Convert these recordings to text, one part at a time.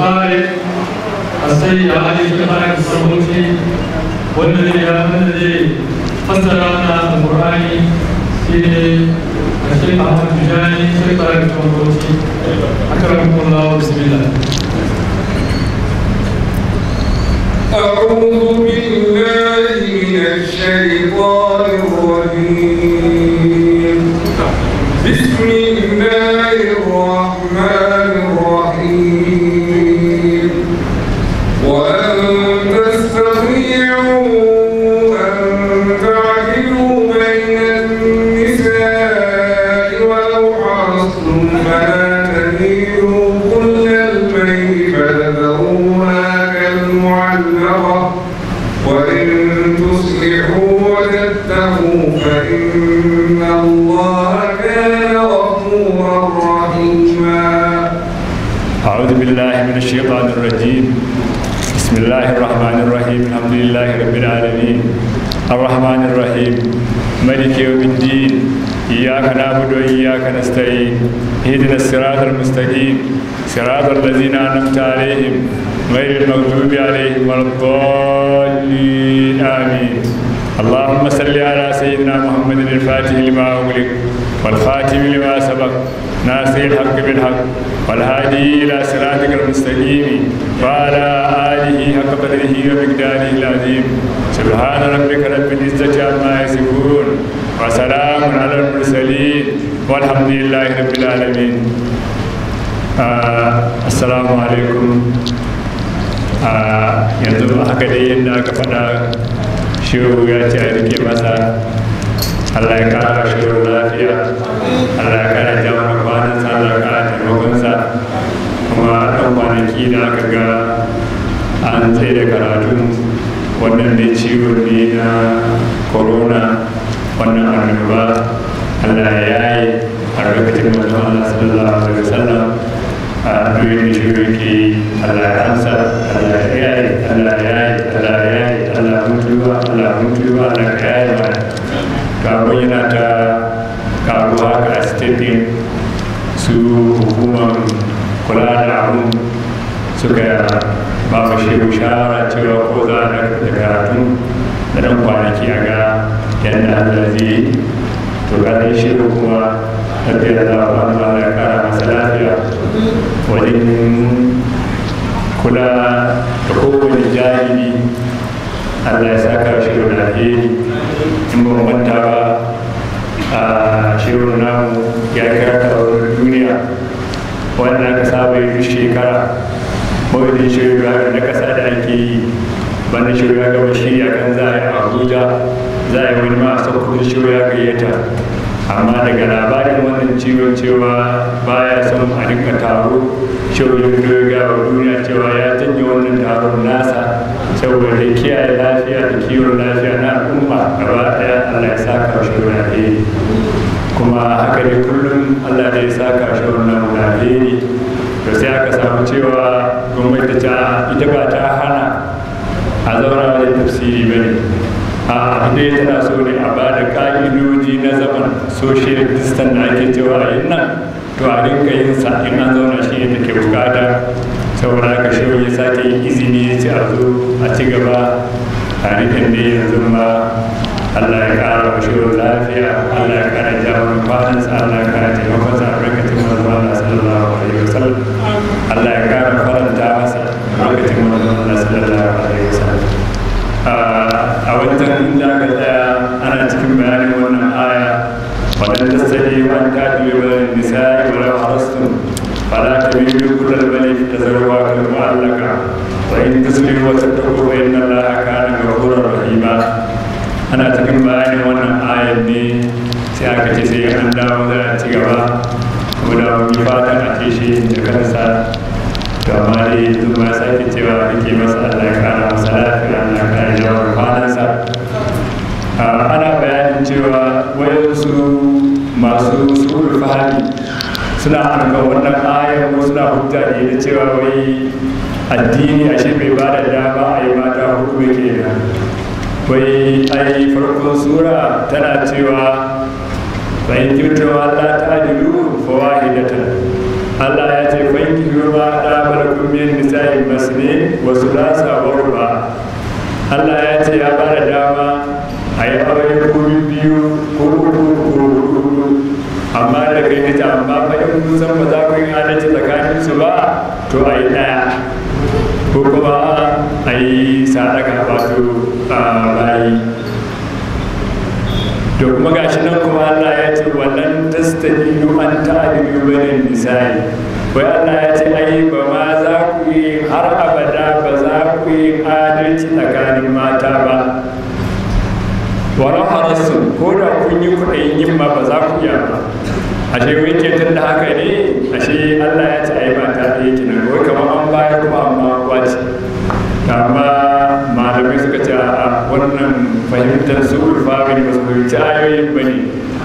الخالد السيد علي بن خالد الصمودي والذي الذي فسر لنا القران في الشيخ احمد الجاني في خالد الصمودي اكرمكم الله بسم الله أعوذ بالله من الشيطان الرجيم بسم الله الرحمن الرحيم الرحمن الرحيم ملك يوم الدين إياك نعبد وإياك نستعين اهدنا الصراط المستقيم صراط الذين أنعمت عليهم غير المغضوب عليهم ولا الضالين آمين اللهم صل على سيدنا محمد الفاتح لما أغلق والخاتم لما سبق ناصر الحق بالحق والهادي إلى صراطك المستقيم وعلى آله حق قدره ومقداره العظيم سبحان ربك رب العزة عما يصفون وسلام على المرسلين والحمد لله رب العالمين السلام عليكم yanzu haka dai yadda aka faɗa shehu ya ce a rike Allah ya kara shi da lafiya Allah ya kara jama'a kwanan sa Allah ya kara taimakon sa kuma ɗan kwanaki da aka ga an tsaye da karatun wannan da ciwon ne na corona wannan annoba Allah ya yi a lokacin manzon Allah sallallahu alaihi wasallam a duniya shirki Allah ya amsa Allah ya yi Allah ya yi Allah ya Allah mutuwa Allah mutuwa Allah ya kamar yana ta karuwa ga a su hukumar kula da abu suka ba mu shi shawara cewa ko za a da karatun da dan kwanaki a ga yadda allah zai yi to ga shi kuma tafiya da zaɓa ba da kara masa lafiya wajen kula da kowane jahili allah ya saka shirin da lafi in ba mu manta ba a shirin namu ya kira taron duniya wanda aka saba yi duk shekara mawuyin shiru da na kasa da ake yi bana shiru ya gaba shirya kan za a yi abuja za a yi wani ma a sauƙin ya gayyata amma daga labarin wannan ciwon cewa baya son a dinka taro shirin da ya gaba duniya cewa ya janye wannan taron nasa saboda kiyaye lafiya da kiwon lafiya na al'umma gaba daya allah ya sa karshe wurare kuma haka ne kullum allah ne ya sa karshe wannan ne to sai aka samu cewa gwamnati ta ita ba ta hana a zauna da tafsiri ba ne a abinda ya tana so ne a ba da ka'idoji na zaman social distance da ake cewa yin nan to a rinka yin sa in an zauna shi ne take bukata saboda haka shehu ya sake yin izini ya ci a zo a ci gaba a rikin da yanzu ma allah ya kara wa shehu lafiya allah ya kara jawo fadansa allah ya kara taimakonsa a rikacin manzo allah sallallahu alaihi wasallam allah ya kara faranta masa a rikacin manzo allah sallallahu alaihi wasallam a wajen inda aka tsaya ana cikin bayanin wannan aya wadanda sai wani kaɗi dubi wani misali يملك البني تزوى المعلقة وإن تسلموا وتتقوا فإن الله كان غفورا رحيما أنا تكن بأين وأنا آية دي سيأكل شيء أن داو ذا تجوا وداو مفاتا أتيشي تكنسا كما لي ثم سأكتوا بكي مسألة كان suna hanga wannan ayar ko suna hujja da cewa wai addini shi bai ba da dama a yi mata hudu kenan wai ai farkon sura tana cewa bayan kirkiro Allah ta adilu fawahidatan Allah ya ce fanki ruwa da malakun min nisa'i masne wa sulasa wa ruba Allah ya ce ya bada dama a yi aure ko biyu ko uku amma da kai ta ce amma fa in kun san ba za ku yi adalci tsakanin su ba to a yi ɗaya ko kuma a yi sadaka wato bayi to kuma gashi nan kuma Allah ya ce wannan tastadilu an ta'adilu bayan nisa'i wai Allah ya ce ai ba ma za ku yi har abada ba za ku yi adalci tsakanin mata ba wa harasun ko da kun yi kuɗin yin ma ba za ku yi ba ashe ke tun da haka ne ashe allah ya ci a yi mata ɗaya kenan wai kamar an baya kuma an ba kwaci amma malamai suka ce a wannan fahimtar su ulfamin ba su fahimci ayoyin ba ne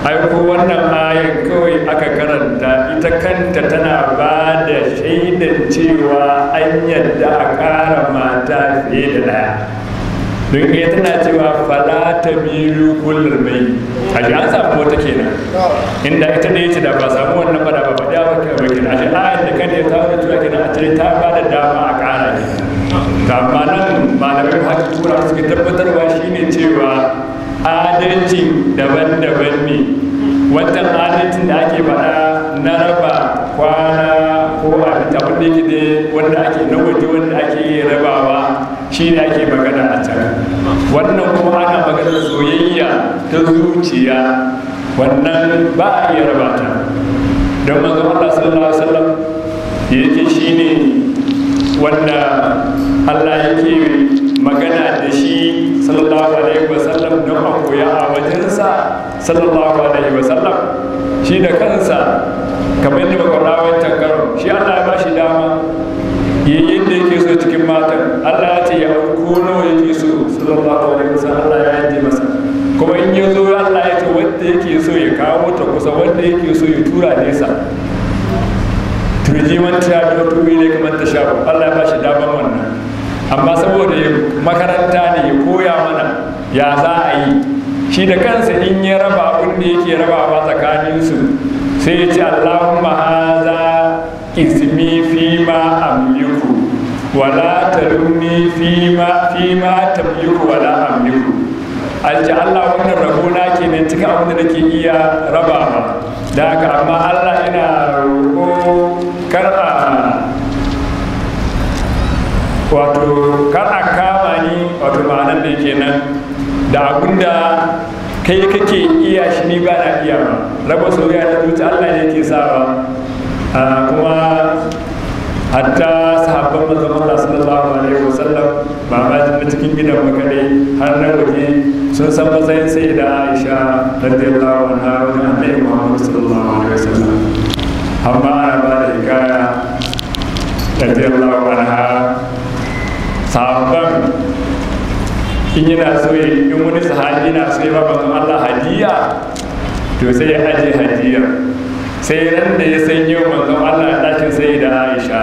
aiko wannan ayan kawai aka karanta ita kanta tana ba da shaidan cewa an yadda a ƙara mata fiye da ɗaya don iya tana cewa fala ta milu kullar mai a ji an samu wata kenan inda ita ne ce da ba samu wannan ba ba faɗi ba ke ba kenan a shi ayar da kan ta wani tura kenan a cire ta ba da dama a ƙara ne ta amma nan malamai haka kura suke tabbatarwa ne cewa adalci daban-daban ne wancan adalcin da ake faɗa na raba kwana ko a abin da yake da wanda ake nawaje wanda ake rabawa shi ne ake magana a can wannan kuma ana magana soyayya ta zuciya wannan ba a iya raba ta don manzo Allah sallallahu alaihi wasallam da yake shine wanda Allah yake magana da shi sallallahu alaihi wasallam don a koya a wajensa sallallahu alaihi wasallam shi da kansa kamar yadda kwanawa rawar tangaro shi allah ya ba shi dama yi yadda yake so cikin matan allah ya ce ya ko nawa yake so sallallahu wani kusa allah ya yanke masa kuma in ya zo allah ya ce wanda yake so ya kawo ta kusa wanda yake so ya tura nesa turji man ta biyo tubi ne kamar ta sha allah ya ba shi damar wannan amma saboda makaranta ne ya koya mana ya za a yi shi da kansa in ya raba abin da yake raba ba tsakaninsu sai ya ce allahumma haza ismi fi ma amliku wala taruni fi ma fi ma tamliku wala amliku alji allah wannan ke kenan cika abin da nake iya raba ba da haka amma allah ina roƙo kar a wato kar a kama ni wato ma'anar da kenan da abinda kai kake iya shi ni ba na iya ba raba soyayya da zuci Allah ne yake sa ba ah, kuma hatta sahabban manzon Allah sallallahu alaihi sallam ba ma na cikin gidan makare har na waje sun san matsayin sai da Aisha radiyallahu anha wajen Annabi Muhammad sallallahu alaihi sallam amma ana ba da hikaya radiyallahu anha sahabban in yana so ya in wani sahabi yana so ya ba Allah hadiya to sai ya aje hadiya sai ran da ya san yau manzon Allah dakin sai da Aisha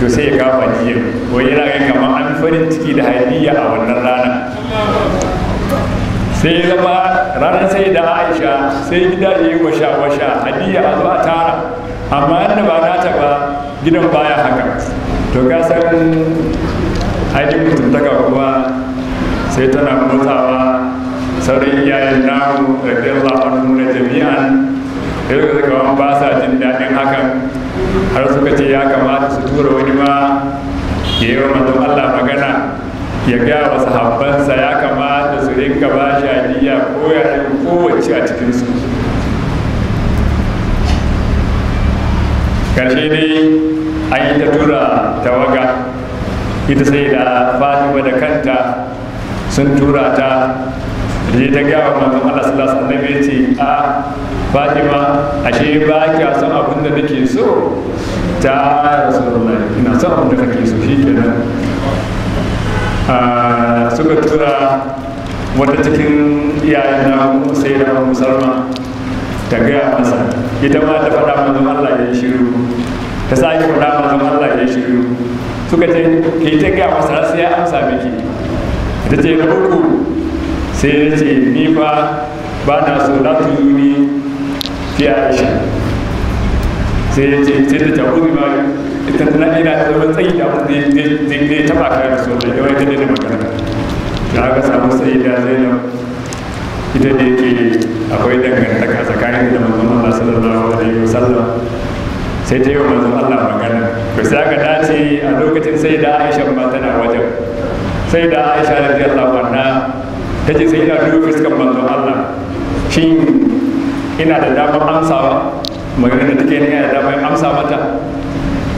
to sai ya kafa hadiya wai yana ga kamar an farin ciki da hadiya a wannan rana sai ya zama ranar sai da Aisha sai gida ya yi washa washa hadiya a zuwa tara amma yadda ba nata ba gidan baya haka to ka san ainihin mutuntaka kuma sai tana mutawa sauran iyayen namu radiyallahu anhu na jami'an sai suka zaka ba sa jin daɗin hakan har suka ce ya kamata su tura wani ma ya yi wa mazan Allah magana ya gaya wa sahabbansa ya kamata su rinka ba shi ko ya yi kowace a cikinsu karshe ne an yi ta tura tawaga ita sai da fatima da kanta sun tura ta je ta gaya wa mazan Allah sallallahu alaihi wasallam ce a Fatima ashe ba ki san abin da nake so ta Rasulullahi ina son abin da kake so shikenan suka tura wata cikin iyayen na sai da musalma ta gaya masa ita ma ta faɗa mazan Allah ya shiru ta sake faɗa mazan Allah ya shiru suka ce ke ta gaya masa sai ya amsa miki ta ce ga uku sai ya ce ni fa ba na so na tuni fi aisha sai ya ce sai da jagori ma ita tana ina da wani tsayi da abin da ya taba kayan so da yawai ta daina magana da aka samu sai da zai zainab ita da yake akwai dangantaka tsakanin da manzon Allah sallallahu alaihi wasallam sai ta yi wa manzon Allah magana to sai aka dace a lokacin sai da Aisha ba tana wajen sai da aisha radiyallahu anha ta ce sai ina duba fuskar manzon Allah shin ina da damar amsawa magana da take ina da damar amsa mata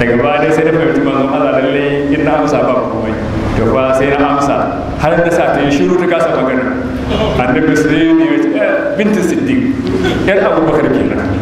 daga baya sai da fahimci manzon Allah lalle in na amsa ba komai to ba sai na amsa har da sa ta yi shiru ta kasa magana annabi sai ya ce eh, binti siddiq yar abubakar kenan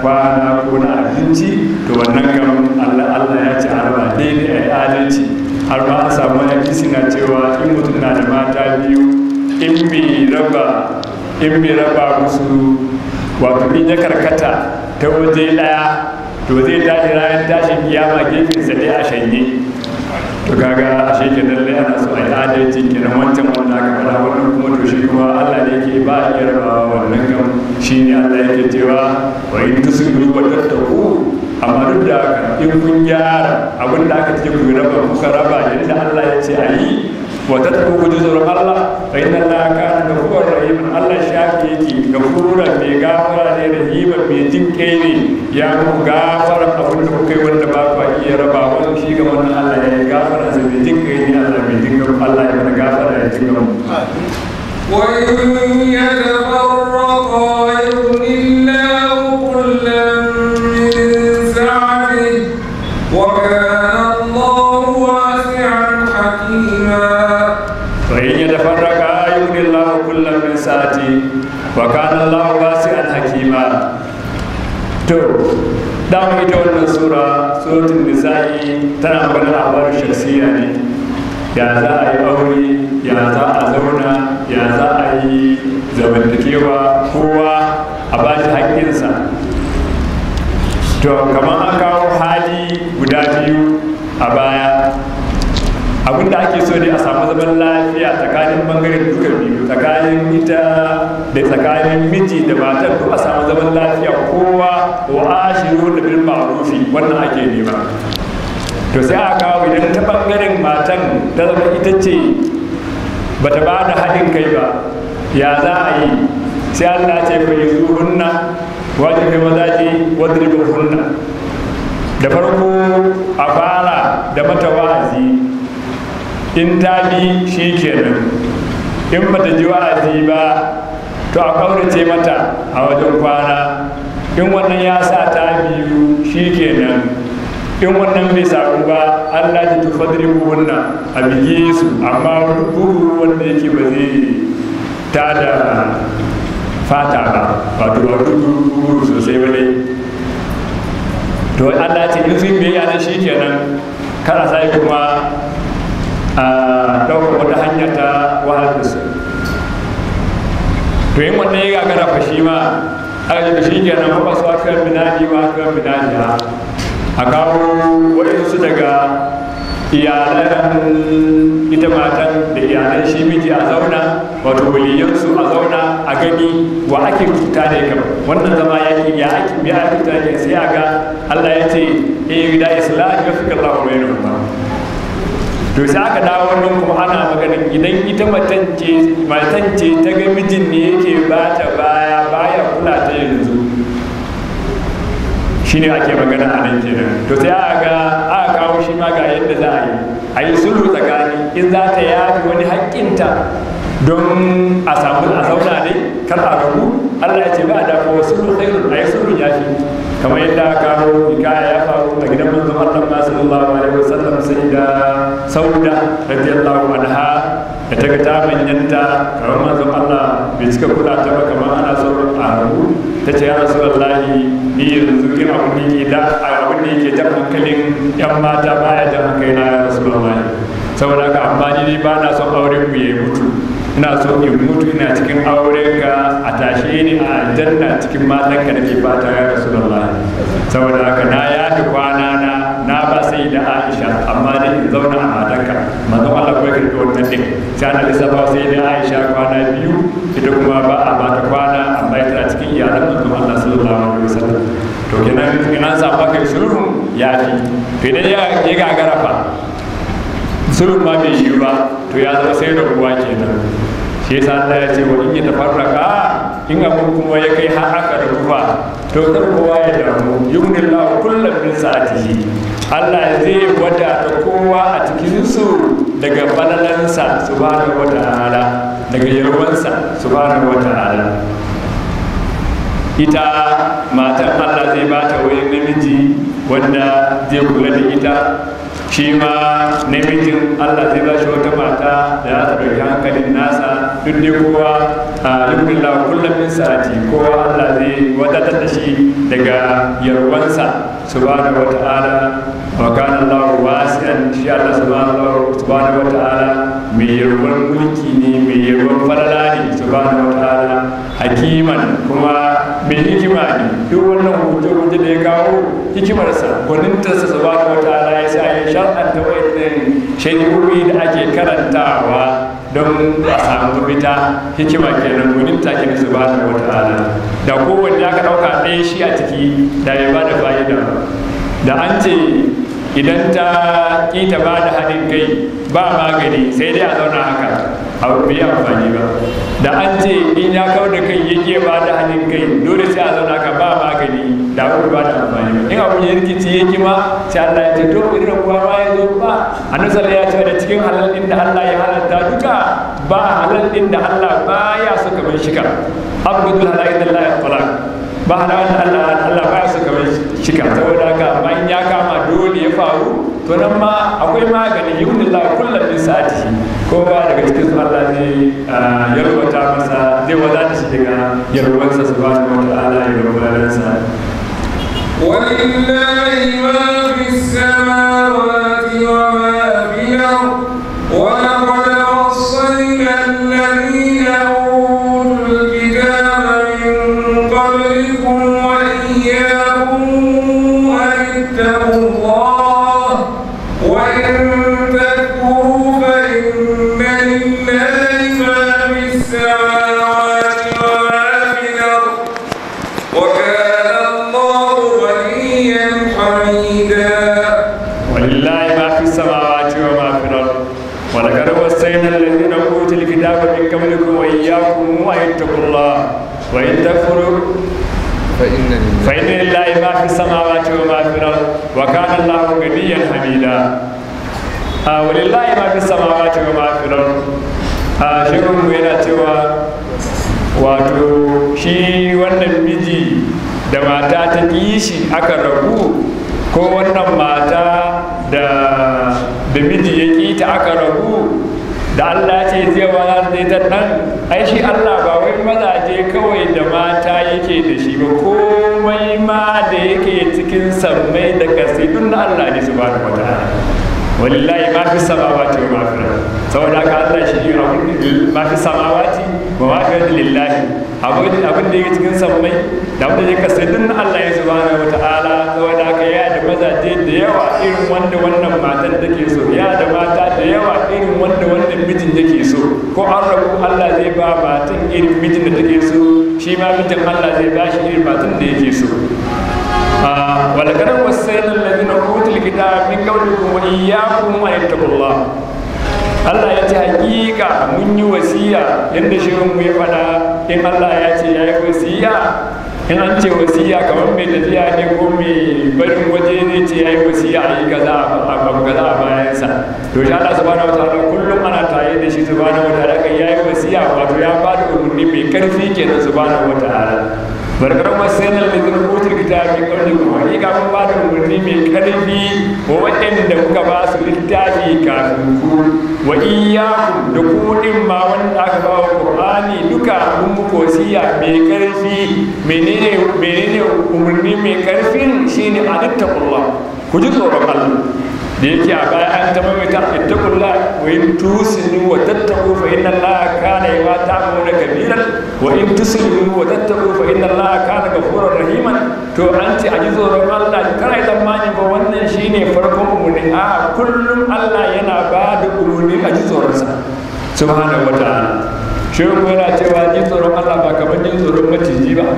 kwana ko na abinci to wannan kam Allah Allah ya ce a ne daidai a adalci har ba a samu yaki suna cewa in mutum na da mata biyu in bi raba in bi raba musu wato in ya karkata ta waje daya to zai tashi rayan tashin kiyama sa dai a shanye to kaga shekin ke lai ana so a yi adalci kenan wancan wanda aka fara wannan kuma to shi kuma Allah ne yake ba a iya rabawa wannan shi ne Allah yake cewa wa in tusiru wa tattaku amma duk da haka in kun gyara abin da aka ce ku raba kuka raba yadda Allah ya ce a yi wa tattaku ku jizo tsoron Allah fa inna Allah da ghafurur rahim Allah shafi yake ghafurura mai gafara ne rahima mai jinkai ne ya ku gafara abin da kuka yi wanda ba ku iya rabawa shi ga wannan أجرهم وإن يتفرقا يغن الله كلا من سعده وكان الله واسعا حكيما وإن يتفرقا يغن الله كلا من سعته وكان الله واسعا حكيما تو دعوا ita wannan sura suratul nisa'i tana magana a barin shaksiya ne ya za a yi aure ya za a zauna ya za a yi zamantakewa kowa a ba shi haƙƙinsa to kamar an kawo hali guda biyu a baya abinda ake so ne a samu zaman lafiya tsakanin bangaren duka biyu tsakanin ita da tsakanin miji da matan, duk a samu zaman lafiya kowa wa ashiru da bil rufi wannan ake nema to sai aka kawo idan ta bangaren matan ta zama ita ce bata ba da haɗin kai ba ya za a yi sai allah ce ba yi wajen kai maza ce wadribu hunna da farko a fara da mata wa'azi in ta bi shi kenan in bata ji wa'azi ba to a kaurace mata a wajen kwana in wannan ya sa ta biyu shi kenan in wannan bai samu ba allah ji tufadri wannan a bige su amma wani wanda yake ba zai ta da fata ba wato ba bugu sosai ba ne to allah ce in sun biya na shi kenan kara sai kuma a ɗaukar wata hanya ta wahalar da su to yin wannan ya gagara fashi ma a yi da shi kenan ba su akar minani ba akar minani ha a kawo waɗansu daga iyalan ita matan da iyalan shi miji a zauna wato waliyansu a zauna a gani wa ake cuta da ya wannan zama ya ke ya ake ya a cuta da sai a ga Allah ya ce eh da islahi ya fi kalla wa yanu to sai aka dawo wannan kuma ana magana idan ita matan ce matan ce ta ga mijin ne yake ba ta baya baya kula ta yanzu shine ake magana a nan kenan to sai aka ga aka kawo shi ma ga yadda za a yi a yi sulhu tsakani in za ta yafi wani haƙƙinta don a samu a zauna ne kar a rabu Allah ya ce ba a dafa wasu sulhu khairun a yi sulhu yafi kamar yadda karo hikaya ya faru a gidan manzon Allah ma sallallahu alaihi wasallam sai da sauda radiyallahu anha da ta ga ta manyanta kamar manzon Allah bai cika kula ta ba kamar ana sauran a haru ta ce ya rasulullahi ni yanzu kin abin da yake da abin da yake jan hankalin yan mata baya jan hankalina rasulullahi saboda amma ni ba na son auren mu ya mutu ina so in mutu ina cikin aure ka a tashe ni a aljanna cikin matan ka nake fata ya rasulullah saboda haka na yafi kwana na na ba sai da aisha amma dai in zauna a matan ka manzon Allah ko yake wannan din sai na ba sai da aisha kwana biyu ita kuma ba a mata kwana amma ita cikin iyalan manzon Allah sallallahu alaihi wasallam to kenan in sa baka shuru ya fi to idan ya ga garafa sulhu ma bai yiwu ba to ya zama sai rabuwa kenan shi yasa Allah ya ce wa in ya tafarraka in abu kuma ya kai har aka rabuwa to kar kowa ya damu yughnillahu kullum min sa'atihi Allah zai da kowa a cikin su daga balalansa subhanahu wa ta'ala daga yarwansa subhanahu wa ta'ala ita matan Allah zai ta wayan namiji wanda zai kula da ita shi ma namijin allah zai ba shi wata mata da za ta ɗauki hankalin nasa duk dai kowa a alhamdulillah kullum min sa'ati kowa allah zai wadatar da shi daga yarwansa subhanahu wa ta'ala wa kana allah wasi'an shi allah subhanahu wa ta'ala mai yarwar mulki ne mai yarwar falala ne subhanahu wataala hakiman kuma mai hikima ne duk wannan hoto wanda da ya kawo hikimarsa gwanintarsa wata ala ya sa ya shar'anta wa'annan shari'o'i da ake karantawa don a samu mafita hikima kenan gwaninta kenan wata ala da kowanne aka ɗauka ɗaya shi a ciki da ya ba da fa'ida da an ce idan ta ƙi ta ba da hadin kai ba magani sai dai a zauna haka a bai amfani ba da an ce in ya kawo da kai ya ke ba da hadin kai dole sai a zauna haka ba magani da abu ba da amfani ba in abu ya rikici ya ki ma sai Allah ya ce to irin kuwa ma ya zo ba annabi ya ce da cikin halal din da Allah ya halatta duka ba halal din da Allah ya so kamar shika abdul halal din Allah ya talaka ba a halawar Allah Allah ba su kamar shika saboda haka bayan ya kama dole ya faru to nan ma akwai magani yunillah kullum min sa'ati ba daga cikin su Allah ne ah, yarwata masa zai wadata shi daga yarwarsa subhanahu wa ta'ala ya rabu sa ولله ما في السماوات وما في الأرض في السماوات وما في الأرض وكان الله غنيا yana cewa wato shi wannan miji da mata ta kishi aka rabu ko wannan mata da miji ya kita aka ragu da Allah ce zai wazar da ita nan ai shi Allah ba mazaje kawai da mata yake da shi ba komai ma da yake cikin sammai da kasi duk na Allah ne su subhanahu wataala wallahi ma fi samawa ce ma fi saboda ka Allah shi ne ma fi samawa ba ma ga lillahi abin da yake cikin sammai da abin da yake kasai din Allah ya subhanahu wataala kawai da aka ya da mazaje da yawa irin wanda wannan matan ke so ya da mata da yawa irin wanda wannan mijin ke so ko an rabu Allah zai ba matan irin mijin da take so shi ma mijin Allah zai ba shi irin matan da yake so ولقد وصينا الذين اوتوا الكتاب من قبلكم واياكم ان يتقوا الله Allah ya ce hakika mun yi wasiya yadda shirin mu ya faɗa in Allah ya ce ya yi wasiya in an ce wasiya kamar mai tafiya ne ko mai barin waje ne ce ya yi wasiya a yi kaza a babu kaza a bayansa to shi Allah subhanahu wa ta'ala kullum ana taye da shi subhanahu wa ta'ala kan ya yi wasiya wato ya bada da umarni mai karfi kenan subhanahu wa ta'ala barkaran wasanar da zan kutar gita mai kwanne kuma yi mun ba da umarni mai karfi wa waɗanda kuka ba su littafi kafin ku wa iyaku da kudin ma wanda aka ba wa ƙur'ani duka abin muku wasiya mai karfi menene menene umarni mai karfin shine a ku ji tsoron Allah da yake a baya an ta maimaita ittaqullah wa in tusinu wa tattaku fa inna allaha kana yawa ta'amuna kabiran wa in tusinu wa tattaku fa inna allaha kana ghafurur rahiman to an ci a ji tsoron Allah kana yi tsammani ba wannan shine farkon ne a kullum Allah yana ba da umurni a ji tsoronsa subhanahu wa ta'ala shi yana cewa ji tsoron Allah ba kamar ji tsoron maciji ba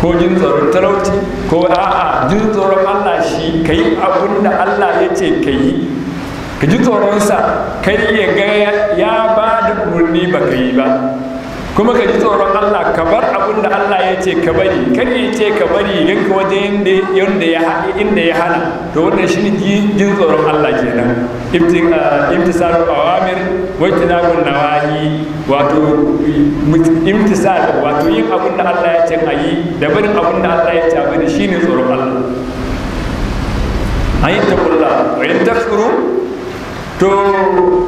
ko jin tsoron talauci ko a'a jin tsoron Allah shi ka yi abin da Allah ya ce ka yi ka ji tsoronsa kai ya ga ya ba da umarni ba ka yi ba kuma ka ji tsoron Allah ka bar abin da Allah ya ce ka bari kar ya ce ka bari yanka wajen yanda ya inda ya hana to wannan shine jin tsoron Allah kenan ah, imtisalu awamir wa tinabun nawahi wato imtisal wato yin abin da Allah ya ce a yi da barin abin da Allah ya ce a bari shine tsoron Allah ayin taqulla wa in takfuru to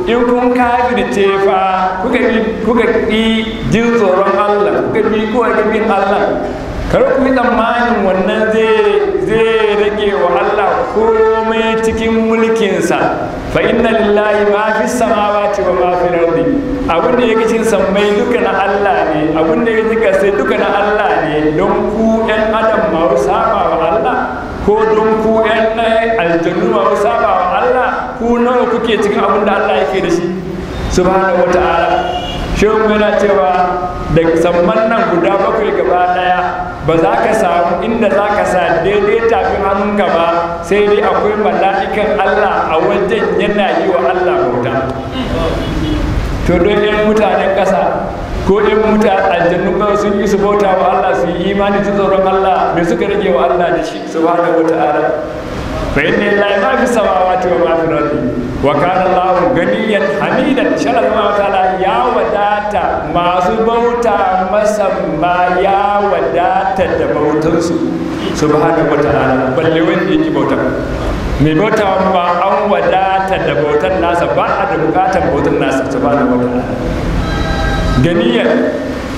in kun kafirce fa kuka kuka yi jin tsoron Allah kuka bi kuka ki bin Allah kar ku yi tsammanin wannan zai rage wa Allah komai cikin mulkinsa fa inna lillahi ma fi samawati wa ma fi ardi abin da yake cikin sammai duka na Allah ne abin da yake cikin sai duka na Allah ne don ku ɗan adam ma saba wa Allah ko don ku ɗan aljannu ma saba wa Allah ku nawa kuke cikin abin da Allah yake da shi subhanahu wata'ala shehu yana cewa da samman nan guda bakwai gaba daya ba za ka samu inda za ka sa daidai tafin hannun gaba sai dai akwai mala'ikan Allah a wajen yana yi wa Allah bauta to don yan mutanen ƙasa ko yan mutanen aljannu ba sun yi su bauta wa Allah su yi imani su tsoron Allah me suka rage wa Allah da shi subhanahu wata'ala fa inna lillahi ma fi samawati wa ma fil ardi wa kana hamidan shalal ma ta'ala ya wadata masu bauta masa ma ya wadata da bautansu subhanahu wa ta'ala balle wanda yake bauta mai bauta ba an wadata da bautan nasa ba a da bukatan bautan nasa subhanahu wa ta'ala ganiyyan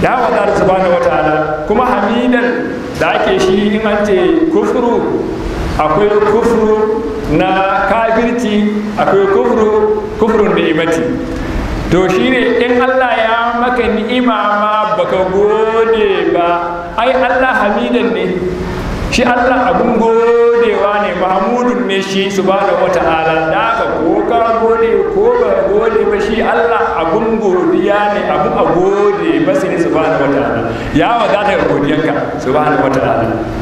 ya wadata subhanahu wa ta'ala kuma hamidan da ake shi in an ce kufuru akwai kufru na kafirci akwai kufru kufrun ni'imati to shine in Allah ya maka ni'ima ma baka gode ba ai Allah hamidan ne shi Allah abun godewa ne mahmudun ne shi subhanahu wata'ala da ka ko ka gode ko ba gode ba shi Allah abun godiya ne abu a gode ba sai subhanahu wata'ala ya wadata ga godiyanka subhanahu wata'ala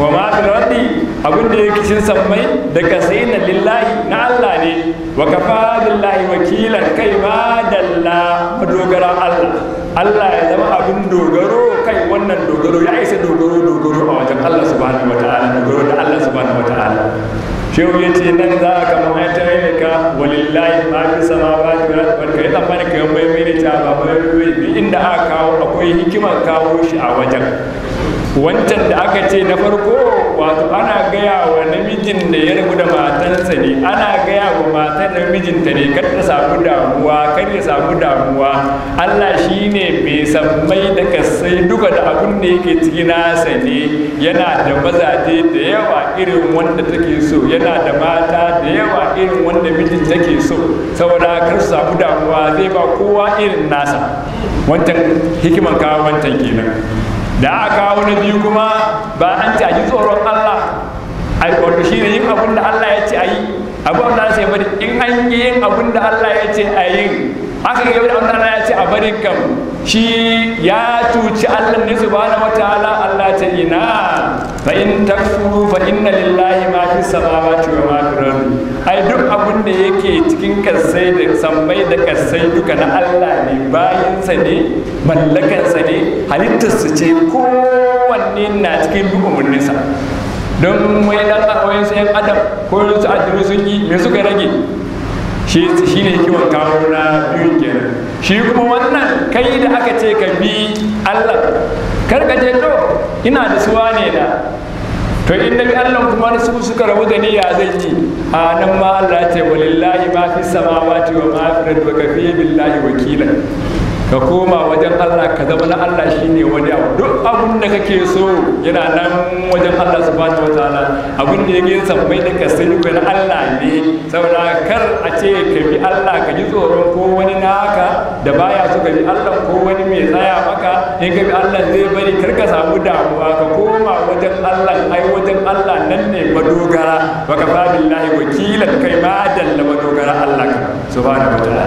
wa ma fil abin da yake cikin sammai da kasai na lillahi na Allah ne wa kafa billahi wakilan kai ma dalla madogara Allah Allah ya zama abin dogaro kai wannan dogaro ya isa dogaro dogaro a wajen Allah subhanahu ta'ala dogaro da Allah subhanahu ta'ala. shehu ya ce nan za ka mamata ya ka walillahi ma fi samawati wal ardi kai tsammani kai mai mai da ta ba mai inda aka kawo akwai hikimar kawo shi a wajen wancan da aka ce na farko wato ana gaya wa namijin da ya rabu da matansa ne ana gaya wa matar namijinta ne kar ta samu damuwa kar ya samu damuwa Allah shi ne mai sammai da kasai duka da abun da yake ciki nasa ne yana da mazaje da yawa irin wanda take so yana da mata da yawa irin wanda mijin take so saboda kar su samu damuwa zai ba kowa irin nasa wancan hikiman kawo wancan kenan da aka kawo na biyu kuma ba an ci a ji tsoron Allah ai shi ne yin abin da Allah ya ce a yi abu da sai bari in an yi yin abin da Allah ya ce a yi aka yi abin da Allah ya ce a bari kam shi ya cuci Allah ne subhanahu wataala Allah ta ina fa in takfuru fa inna lillahi ma fi samawati wa ma fi ai duk abin da yake cikin kasai da sambai da kasai duka na Allah ne bayansa ne mallakansa ne halittarsa ce kowanne na cikin duk umarninsa don mai dan akwai su yan adam ko su addini sun yi me suka rage shi ne kiwon kawo na biyun kenan shi kuma wannan kai da aka ce ka bi Allah kar ka je to ina da suwa ne da to in na bi Allah kuma su suka rabu da niyya ya yi a nan ma Allah ce walillahi ma fi samawati wa ma fi wa kafi billahi wakila ka koma wajen Allah ka zama na Allah shine wani abu duk abun da kake so yana nan wajen Allah subhanahu wataala abun da yake sammai da kasai duka na Allah ne saboda kar a ce ka bi Allah ka ji tsoron ko wani naka da baya so ka bi Allah ko wani mai tsaya maka in ka bi Allah zai bari kar ka samu damuwa ka koma wajen Allah ai wajen Allah nan ne madogara baka fa billahi wakilan kai ma dalla madogara Allah subhanahu wataala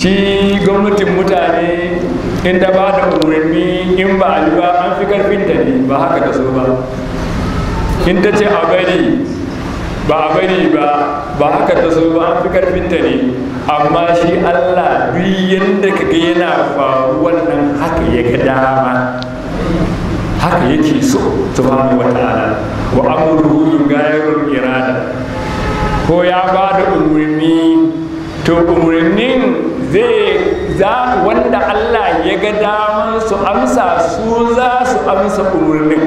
shi gwamnatin mutane inda ba da umarni in ba a ba an fi karfin ta ne ba haka ta so ba in ta ce a bari ba a bari ba ba haka ta so ba an fi karfin ta ne amma shi allah duk yadda ka ga yana faruwan nan haka ya ga dama haka yake so mu wata ala wa yin gayarun irada ko ya ba da umarni to umarnin zai za wanda Allah ya ga damar su amsa su za su amsa umarnin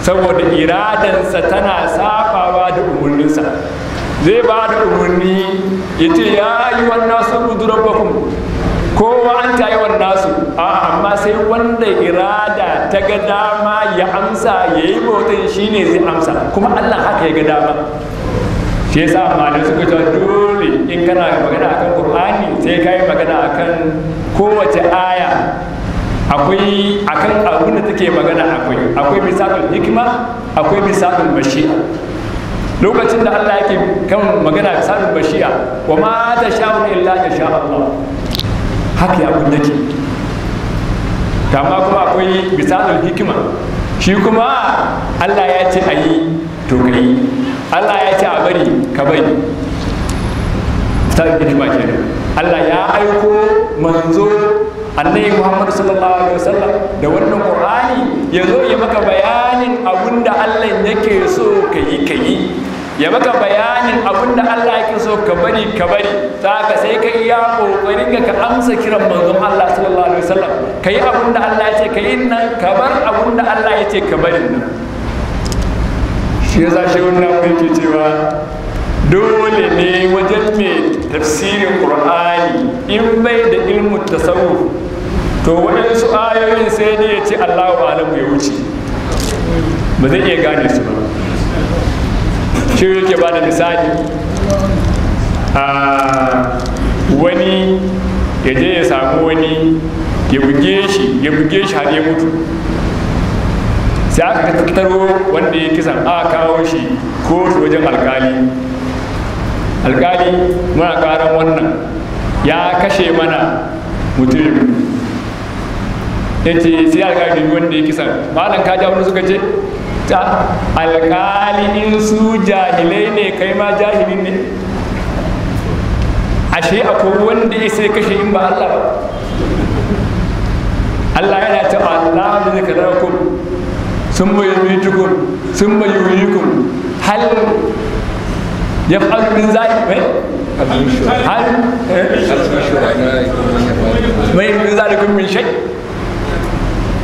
saboda iradansa tana safawa da umarninsa zai ba da umarni ya ce ya yi wannan su budurabakun kowa an ta yi wannan su amma sai wanda irada ta ga dama ya amsa ya yi bautan ne zai amsa kuma Allah haka ya ga dama shi yasa malamai suka ce dole in kana magana akan qur'ani sai ka yi magana akan kowace aya akwai akan abin da take magana akwai akwai misalul hikima akwai misalul mashi'a lokacin da Allah yake kan magana misalul mashi'a wa ma sha'u illa sha Allah haka ya abin yake kama kuma akwai misalul hikima shi kuma Allah ya ce ayi to kai Allah ya ce a bari ka bari ta hikima kenan Allah ya aiko manzo annabi Muhammad sallallahu alaihi wasallam da wannan Qur'ani ya zo ya maka bayanin abinda Allah yake so ka yi ka yi ya maka bayanin abinda Allah yake so ka bari ka bari ta ka sai ka iya kokarin ka amsa kiran manzo Allah sallallahu alaihi wasallam ka yi abinda Allah ya ce ka yi nan ka bar abinda Allah ya ce ka bari nan shi yasa shi wannan yake cewa dole ne wajen mai tafsirin qur'ani in bai da ilmin tasawuf to waɗansu ayoyin sai ne ya ce allahu alamu ya wuce ba zai iya gane su ba shi yake ba da misali a wani ya je ya samu wani ya buge shi ya buge shi har ya mutu sai aka tattaro wanda ya kisan a kawo shi ko wajen alkali alkali muna karan wannan ya kashe mana mutum ya ce sai alkali wanda ya kisan malam ka ja wani suka ce ta alkali in su jahilai ne kai ma jahilin ne ashe akwai wanda ya sai kashe in ba Allah ba Allah yana ta Allah ne zai ka zama ثم يميتكم ثم يحييكم هل يفعل من ذلك هل mai yi za da kun min shai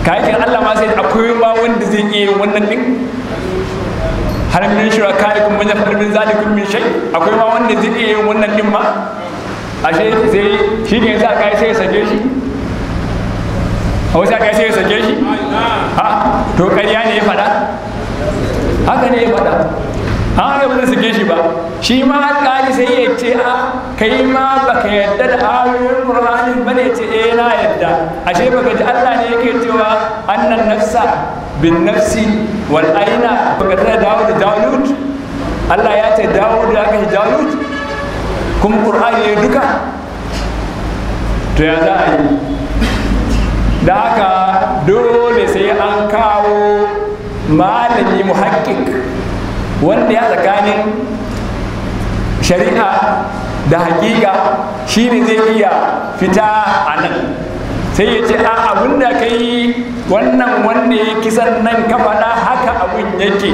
kayakin Allah ma sai akwai ma wanda zai iya yin wannan din har min shura kayakin manya farmin za da kun min shai akwai ma wanda zai iya yin wannan din ma ashe sai shi ne sa kai sai ya shi a wasu aka sai ya sake shi ha to ƙarya ne ya fada haka ne ya faɗa an haka ba sake shi ba shi ma alƙali sai ya ce a kai ma baka yadda da ayoyin qur'ani ba ne ce eh na yadda. ashe baka ji Allah ne yake cewa annan nafsa bin nafsi wal aina baka tana dawo da Dawud Allah ya ce dawo da aka yi Dawud kuma qur'ani ya duka to ya za a yi da haka dole sai an kawo malami muhakkik wanda ya tsakanin shari'a da hakika shi ne zai iya fita a nan sai ya ce a abin da ka yi wannan wanda ya kisan nan ka faɗa haka abin yake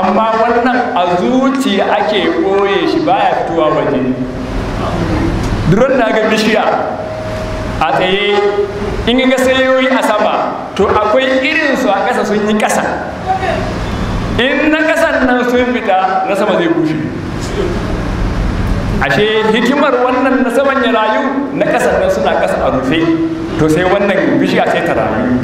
amma wannan a zuciya ake ɓoye shi baya fitowa waje duran na ga bishiya a tsaye in ga sayoyi a sama to akwai irin su a kasa sun yi ƙasa in na ƙasan nan sun fita na sama zai bushe ashe hikimar wannan na saman ya rayu na ƙasa nan suna kasa a rufe to sai wannan bishiya sai ta rayu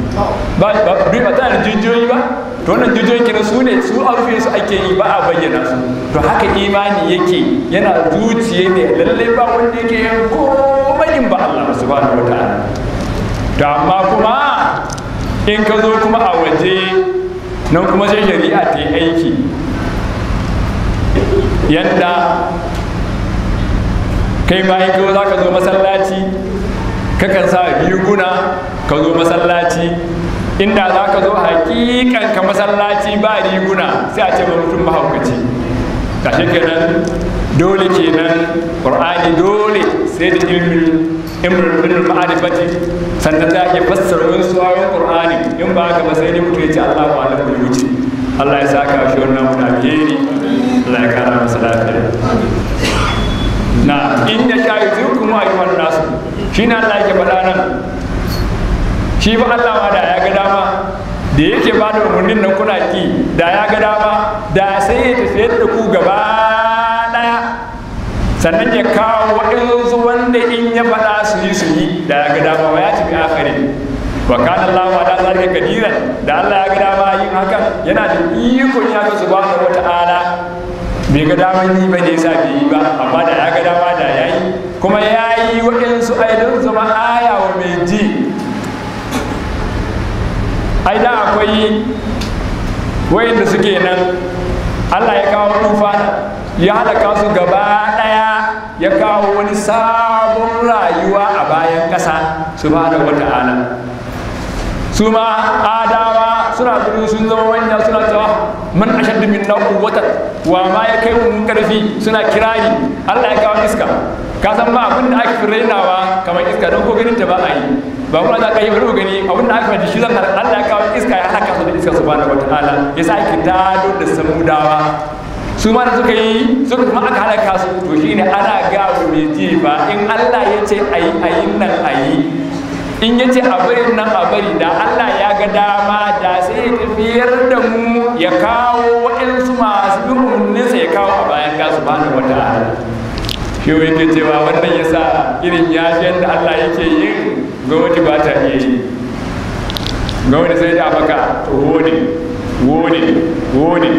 ba ba ba ta jijiyoyi ba to wannan jijiyoyi kira su ne su a rufe su ake yi ba a bayyana su to haka imani yake yana zuciye ne lallai ba wanda yake yin komai ba Allah subhanahu wataala Da amma kuma in ka zo kuma a waje nan kuma sai shari'a ta yi aiki yadda kai bayan ka za ka zo masallaci kakan sa riguna ka zo masallaci inda za ka zo hakikan ka masallaci ba riguna sai a ce ba mutum mahaukaci tashi kenan dole kenan ƙur'ani dole sai da ilmin imrul ma'arifati sannan za a ke fassara wani suwayen qur'ani in ba haka ba sai ne mutu ya ce Allah b'a alam bil wuce Allah ya saka shi wannan mun alheri Allah ya kara masa lafiya na in ya sha yuzukum ayyuhan nasu shine Allah yake faɗa nan shi ba Allah ma da ya ga dama da yake ba da umarnin nan kuna ki da ya ga dama da sai ya tafiyar da ku gaba sannan ya kawo waɗansu wanda in ya faɗa su yi su yi da ya ga dama ba ya tafi akari wa kana Allah wa da zalika kadiran da Allah ya ga dama yin haka yana da iko ya ga wata ala bai ga daman yi ba ne sa bai yi ba amma da ya ga ba da ya yi kuma ya yi waɗansu aidan zama aya wa mai ji aida akwai wayanda suke nan allah ya kawo tufana ya halaka su gaba wani sabon rayuwa a bayan ƙasa wata ala. su ma adawa suna gudu sun zama manya suna cewa man ashaddu minna wata. wa ma ya kai mun karfi suna kirari Allah ya kawo iska ka san ma abin da ake rainawa kamar iska don ko ganin ta ba a yi ba kuma za ka yi bari gani abin da ake fahimci shi zan Allah ya kawo iska ya halaka su da iska ala. Ya sa ake dado da samudawa su ma da suka yi suka kuma aka hana su to ne ana gawo mai ji ba in Allah ya ce ayi ayi nan ayi in ya ce a bari nan a bari da Allah ya ga dama da sai ya tafiyar da mu ya kawo waɗansu masu bin umarninsa ya kawo a bayan kasu ba na wata shi ke cewa wannan ya sa irin yafiyar yadda Allah yake yin gwamnati ba ta iya yi gwamnati sai ta faka to wone wone wone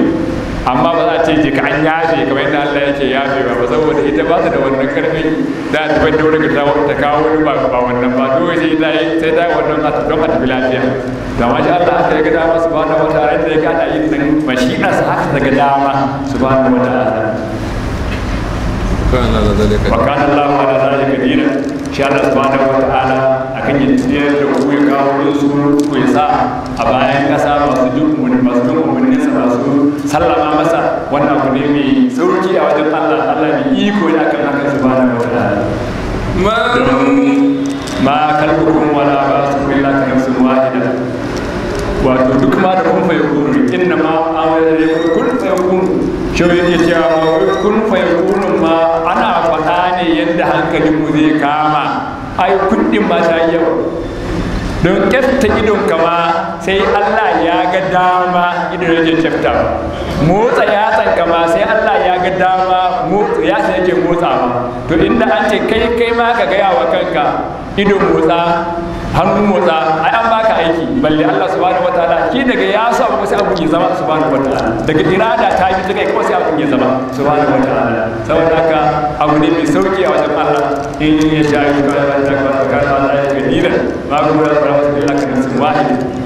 amma ba za a ce je ka an yafe kamar yadda Allah yake yafe ba saboda ita ba ta da wannan karfi da ta bar da wurin ta kawo wani ba ba wannan ba to sai ta yi sai ta wannan a don a tafi lafiya da ma shi Allah haka ya ga dama subhanahu wa ta'ala da ya ga ana yin nan mashi'a sa haka daga dama subhanahu wa ta'ala وكان على ذلك وكان الله على ذلك دينا شاء الله سبحانه وتعالى akan yin tsayar da ku ya kawo su ku ya sa a bayan kasa masu jin mun masu jin mun ne sa masu sallama masa wannan abu ne mai sauki a wajen Allah Allah mai iko ne akan haka subhanahu wa ta'ala ma kalbukum wala kai illa ka nafsin wahida wato duk ma da kun fayi kunu inna ma amala yakun kun fayi kunu shi ya cewa ma kun fayi kunu ma ana faɗa ne yadda hankalin mu zai kama ai din ma ta yawa don kyasta idon kama sai Allah dama idan chapter motsa ya ka ma sai Allah ya ga dama motsa ya sai yake motsa to inda an ce kai kai ma ka gaya wa kanka ido motsa hannu motsa ai an baka aiki balle Allah subhanahu wataala ki daga ya sa ku sai abun ya zama subhanahu wataala daga irada ta yi daga kawai sai abun ya zama subhanahu wataala saboda haka abu ne mai sauki a wajen Allah in ya shayi ba da ka ba ka Allah ya ka ka ka da ka kan ka wahidi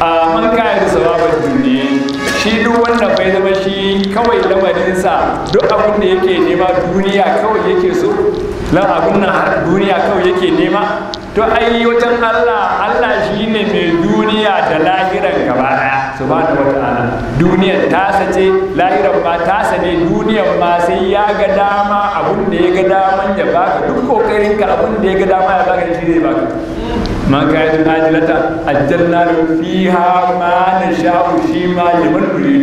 a man kayan sababar duniya shi duk wanda bai zama shi kawai lamarinsa duk abin da yake nema duniya kawai yake so lan abin na har duniya kawai yake nema to ai wajen Allah Allah shi ne mai duniya da lahiran gaba daya wata ana. duniyar ta sace, lahiran ba ta sace, duniyar ma sai ya ga dama abin da ya ga daman ya baka duk kokarin ka abin da ya ga dama ya baka shi zai baka man ka yi ajilata ajjalna da ha ma na sha'u shi ma liman manuri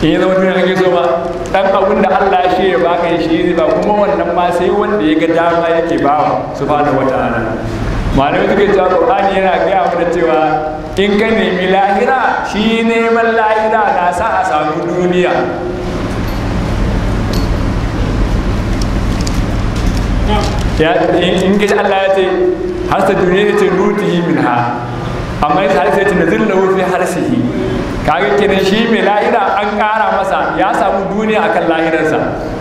in ya zama tuna kake so ma dan abin da Allah shi ya yi shi ne ba kuma wannan ma sai wanda ya ga dama yake ba su da subhanahu wata'ala malamai suke cewa Qur'ani yana gaya mana cewa in ka nemi lahira shi neman lahira na sa a samu duniya in kaji Allah ya ce hasa duniya ce nutihi min ha amma ya sai ta nazir lahu fi harsihi kaga kenan shi mai lahira an kara masa ya samu duniya akan lahirarsa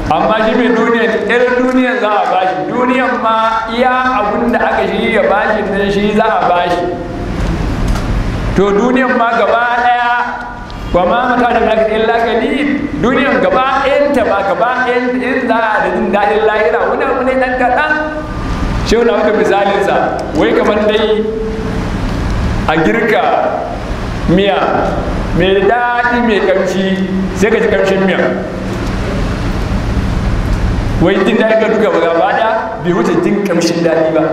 amma shi mai duniya irin duniya za a bashi duniyan ma iya abun da aka shi ya bashi nan shi za a bashi to duniya ma gaba daya wa ma mata da illa qalil duniyar gaba ɗayanta ba gaba ɗayan in za a da jin daɗin lahira wani abu ne ɗan kaɗan shi wani abu misalinsa wai kamar dai a girka miya mai daɗi mai ƙamshi sai ka ji ƙamshin miya wai jin daɗi ka duka ba da bai wuce jin ƙamshin daɗi ba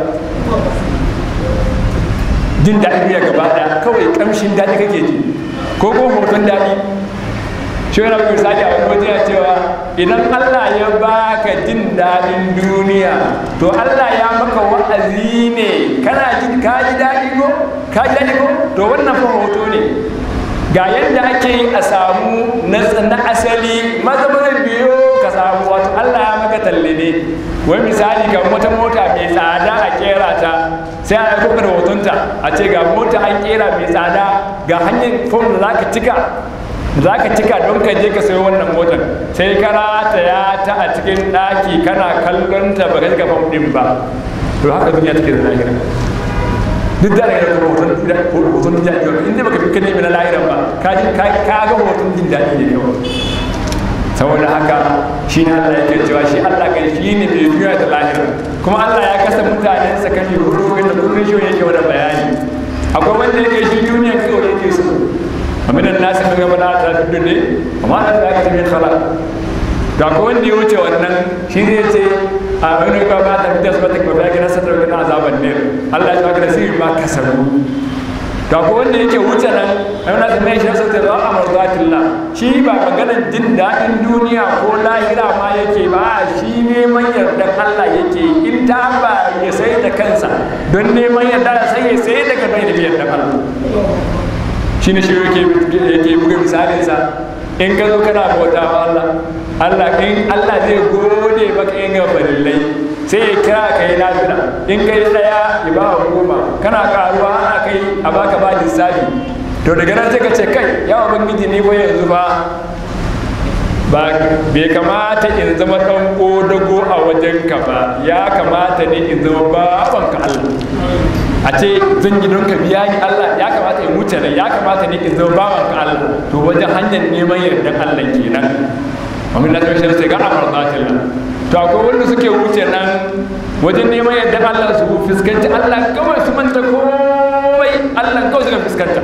jin daɗi miya gaba ɗaya kawai ƙamshin daɗi kake ji ko ko hoton daɗi shi wani abu misali a wani cewa idan allah ya baka jin daɗin duniya to allah ya maka wa'azi ne kana jin kaji daɗi ko ka daɗi ko to wannan fa hoto ne ga yadda ake yi a samu na asali maza biyu ka samu wato allah ya maka talle ne wai misali ga wata mota mai tsada a kera ta sai a ɗauko da hotonta a ce ga mota an kera mai tsada ga hanyar fom da za ka cika za ka cika don ka je ka sayo wannan motar sai ka rata ya ta a cikin ɗaki kana kallon ta ba ka cika fam ɗin ba to haka duniya take da lahira duk da daga kuma hoton hoton jin daɗi ba inda baka fi kane na lahira ba ka ji ka ga hoton jin daɗi ne kawai saboda haka shi ne Allah yake cewa shi Allah kai shi ne mai duniya da lahira kuma Allah ya kasa kan yi hudu wanda kullum shi yake wannan bayani akwai wanda yake shi duniya ومن الناس من يبنى على الدنيا وما أدراك من خلق da ko wanda ya wuce wannan shi zai ce a wani ka ba ta fitas ba ta ba ga nasa ta ga azaban ne Allah ya ga sirri ma kasaru da ko wanda yake wuce nan ai na tsaye shi sai da amrullah shi ba maganar jin daɗin duniya ko lahira ma yake ba shi neman yardan Allah yake in ta ba ya sai kansa don neman yarda sai ya sai daga bai da yardan Allah ne shi yake buga misalinsa in ka zo kana bauta ma Allah Allah kai Allah zai gode maka in ga farillai sai ya kira ka yi lafiya in ka yi daya ya ba wa goma kana karuwa ana kai a baka ba lissafi to daga nan sai ka ce kai ya ubangiji ni ko yanzu ba ba bai kamata in zama dan kodago a wajen ka ba ya kamata ne in zama babanka ka Allah a ce zan yi don ka biya ni Allah ya kamata in wuce rai ya kamata ne zo zama ma ka Allah to wajen hanyar neman yardan Allah kenan amma na tashi sai ga amar zatin to akwai wanda suke wuce nan wajen neman yardan Allah su fuskanci Allah kawai su manta komai Allah kawai suka fuskanta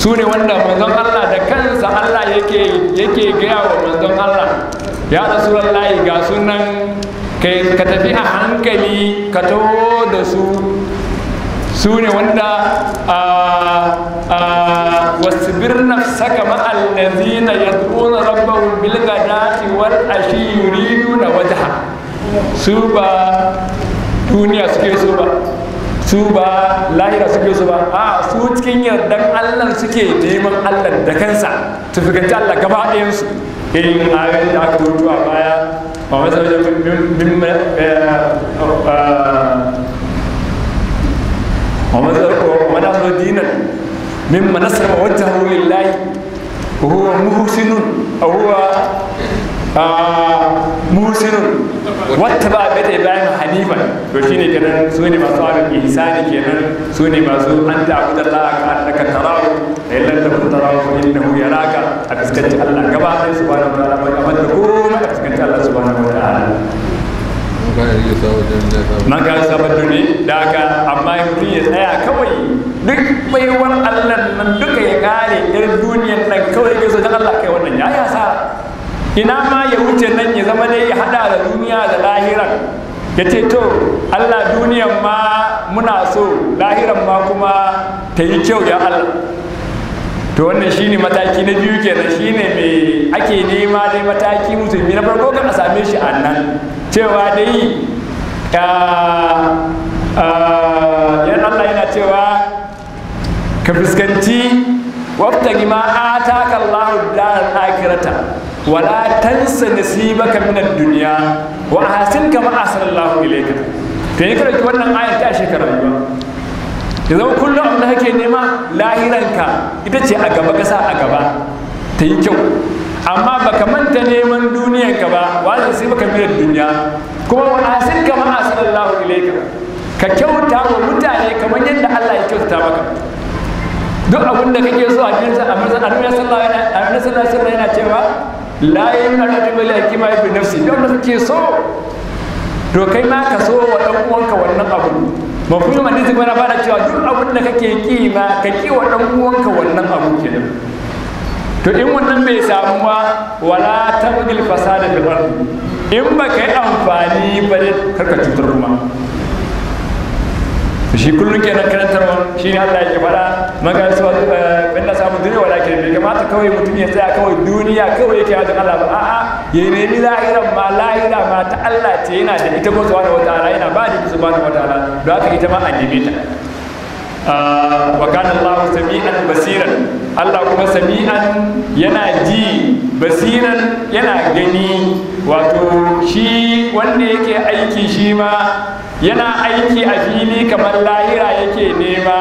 su ne wanda manzon Allah da kansa Allah yake yake gaya wa manzon Allah ya rasulullahi ga sunan ka tafi a hankali ka taho da su su ne wanda wasbir nafsaka ma'allazi na yad'una rabbahum bil ghadati wal ashi na wajha su ba duniya suke su ba su ba lahira suke su ba a su cikin yardan Allah suke neman Allah da kansa su fikanci Allah gaba ɗayan su irin ayoyin da aka rubuta a baya ba wasa wajen ومن ذلك من أخذ دينا ممن أسلم وجهه لله وهو محسن أو هو آه، محسن واتبع بيت إبراهيم حنيفا وشيني كده سوني ما صار الإحسان كده سوني ما سو أن تعبد الله كأنك تراه إن لم تكن تراه فإنه يراك أفسكت الله كبار سبحانه وتعالى وأمد كوم أفسكت الله سبحانه وتعالى na ka sabon da haka amma yi mutum ya tsaya kawai duk baiwar allah nan duka ya kare yar duniyar nan kawai ya ta allah kai wannan ya ya sa ina ma ya wuce nan ya zama dai ya hada da duniya da lahiran ya ce to allah duniyan ma muna so lahiran ma kuma ta yi kyau ya allah to wannan shine mataki na biyu kenan shine me ake nema dai mataki musulmi na farko kan a same shi a nan cewa dai ah, yan Allah yana cewa ka fuskanci wafta gima a taka Allahu darar akirata wala tansa ka minad duniya wa hasin kama asallahu ilayka to yi karanta wannan ayar ta shekara biyu ya zama kullum abin da kake nema lahiranka ita ce a gaba kasa a gaba ta yi kyau amma baka manta neman duniyan ka ba wanda sai baka biyar duniya kuma wa asin kama asallallahu ilaika ka kyauta wa mutane kamar yadda Allah ya kyauta maka duk abin da kake so a cikin sa amma annabi sallallahu alaihi wasallam yana cewa la yamna rajul hakima bi nafsi duk da kake so to kai ma ka so wa dan uwanka wannan abu mafi hadisi bana fara cewa duk abin da kake kima ka ki wa dan uwanka wannan abu kenan to in wannan bai samu ba wala tabgil fasada fil ard in ba kai amfani ba da karka cutar ruwa shi kullum kenan karantarwa shi ne Allah ya fara maka su ban da samu duniya wala ke bai kamata kawai mutum ya tsaya kawai duniya kawai yake wajen Allah ba a'a ya nemi lahira ma lahira ma ta Allah ce yana da ita ko subhanahu wataala yana ba da subhanahu wataala don haka ita ma an ta Ah, wa kana Allahu sami'an basiran Allah kuma sami'an yana ji basiran yana gani wato shi wanda yake aiki shi ma yana aiki a fili kamar lahira yake nema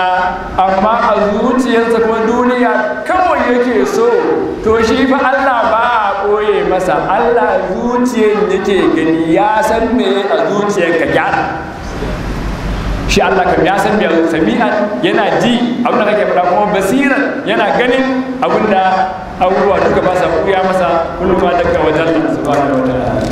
amma a zuciyarsa kuma duniya kawai yake so to shi fa Allah ba a ɓoye masa Allah zuciyar yake gani ya san me a zuciyar ka gyara shi Allah kam ya san biya sami'an yana ji abin da kake faɗa kuma basira yana ganin abin da abubuwa duka ba sa kuya masa kullum ma daga wajen Allah subhanahu wa ta'ala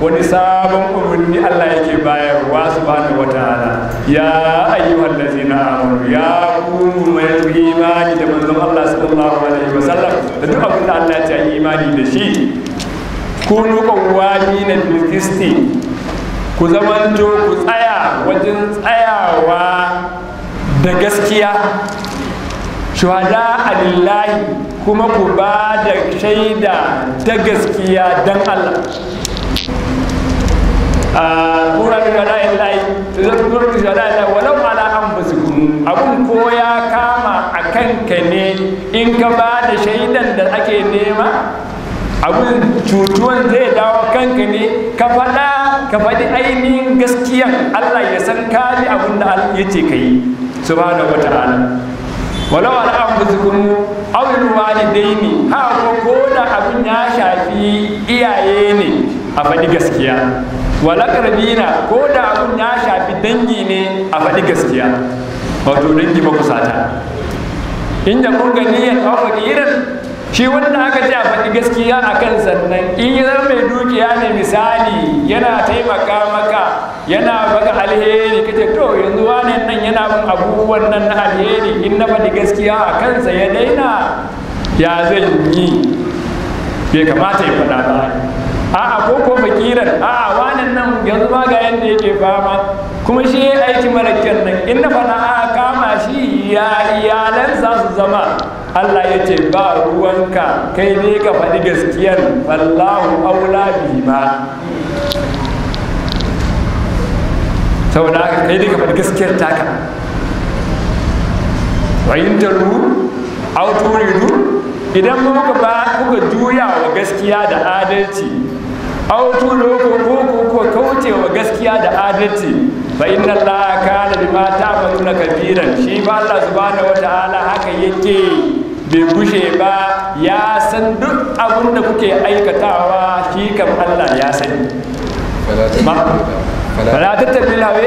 wani sabon umarni Allah yake bayarwa wata ala ya ayyuhal ladzina amanu ya kuma mai imani da manzon Allah sallallahu alaihi sallam. da duk abin da Allah ya yi imani da shi Ku kunu qawwamina na qisti ku zamanto ku tsaya wajen tsayawa da gaskiya shuhada alillahi kuma ku ba da shaida ta gaskiya dan Allah turanin da ya lai turanin da ya lai walau ala an basikun abun ko ya kama a kan ka ne in ka ba da shaidan da ake nema abun cutuwan zai dawo kanka ne ka faɗa ka faɗi ainihin gaskiyan allah ya san kari abun da ya ce ka yi subhanahu wa ta'ala walau ala an basikun awil walidaini ha ko da abun ya shafi iyaye ne a faɗi gaskiya karbina ko da abun ya shafi dangi ne a faɗi gaskiya wato dangi in inda kun gani ya kawo kiran shi wanda aka ce a faɗi gaskiya a kan sannan kiran mai dukiya ne misali yana taimaka maka yana baka alheri kace to yanzu wane nan yana bin abubuwan nan na alheri in na faɗi gaskiya a kansa ya daina ya zai yi bai kamata ya faɗa ba a'a ko ko fakiran a'a wannan nan yanzu ma ga yanda yake fama kuma shi ya aiki mara nan in na fana a kama shi ya iyalan za su zama Allah ya ce ba ruwanka kai ne ka faɗi gaskiyar wallahu aula bi ma saboda haka kai ne ka faɗi gaskiyar taka fahimtar ru autoridu idan muka ba kuka juya wa gaskiya da adalci aw tuluku ko ko wa gaskiya da adalci fa inna allaha kana bima ta'maluna kabiran shi ba Allah subhanahu wataala haka yake bai gushe ba ya san duk abunda da kuke aikatawa shi kam Allah ya sani fala tattabil hawe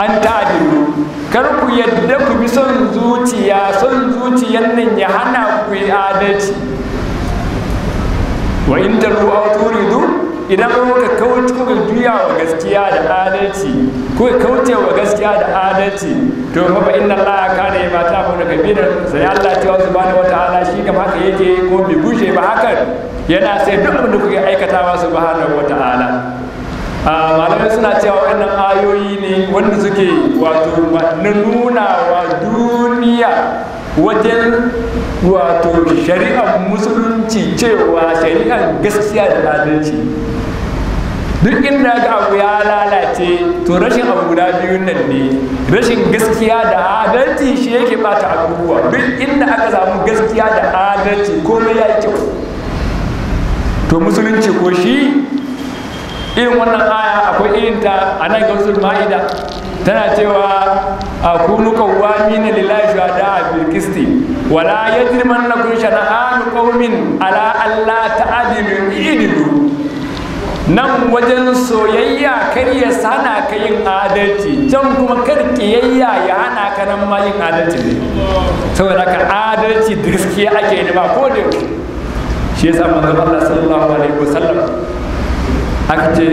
an ta'dilu kar ku yadda ku bi son zuciya son zuciyar nan ya hana ku yi adalci wa in taru aw turidu idan kuka kauce kuka juya wa gaskiya da adalci kuka kauce wa gaskiya da adalci to fa fa inna allaha kana ba ta mu daga bidar sai allah ta wata ala shi kam haka yake ko bi gushe ba haka yana sai duk abin da kuke aikatawa subhanahu wataala ah, malamai suna cewa wannan ayoyi ne wanda suke wato nuna wa duniya wajen wato shari'ar musulunci cewa shari'ar gaskiya da adalci duk inda ga abu ya lalace to rashin abu da biyun nan ne rashin gaskiya da adalci shi yake bata abubuwa duk inda aka samu gaskiya da adalci komai ya kyau to musulunci ko shi irin wannan aya akwai irinta a nan ga musulma'ida tana cewa a kunu kawwami mina lillahi shuhada a bilkisti wala ya jirman na kun shana'anu qaumin ala allah ta'adilu idilu nan wajen soyayya kar ya sana ka yin adalci can kuma kar kiyayya ya hana ka nan ma yin adalci ne saboda ka adalci da gaskiya ake nema ko da shi yasa manzo Allah sallallahu alaihi wasallam aka ce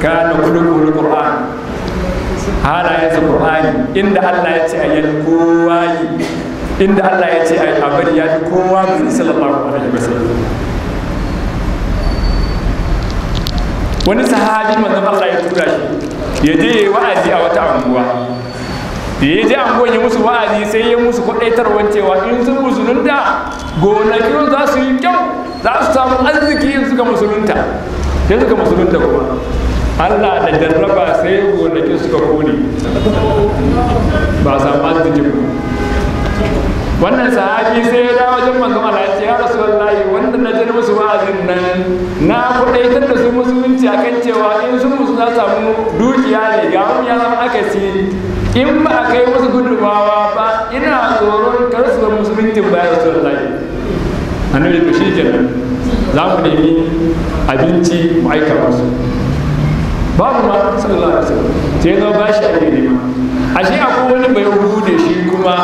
kana kullu qur'an halayen su qur'ani inda Allah ya ce a yi kowa yi inda Allah ya ce a yi abar ya fi kowa bin sallallahu alaihi wasallam wani sahabi manzo Allah ya tura shi ya je wa'azi a wata anguwa da ya je anguwa ya musu wa'azi sai ya musu kwadaitarwar cewa in sun musulunta gonakin za su yi kyau za su samu arziki in suka musulunta sai suka musulunta kuma Allah da jarraba sai gonakin suka kone ba samu jibu wannan sahabi sai ya dawo wajen manzo Allah ya ce ya wanda na ji musu wa'azin nan na kudaitar da su musulunci a kan cewa in sun musu za samu dukiya ne ga wani ya zama akasi in ba a kai musu gudunmawa ba ina tsoron kar su zama musuluncin ba ya wallahi annabi to shi kenan za mu nemi abinci mu aika musu babu ma sallallahu alaihi wasallam sai zo ba shi ake nema ashe akwai wani bai hude shi kuma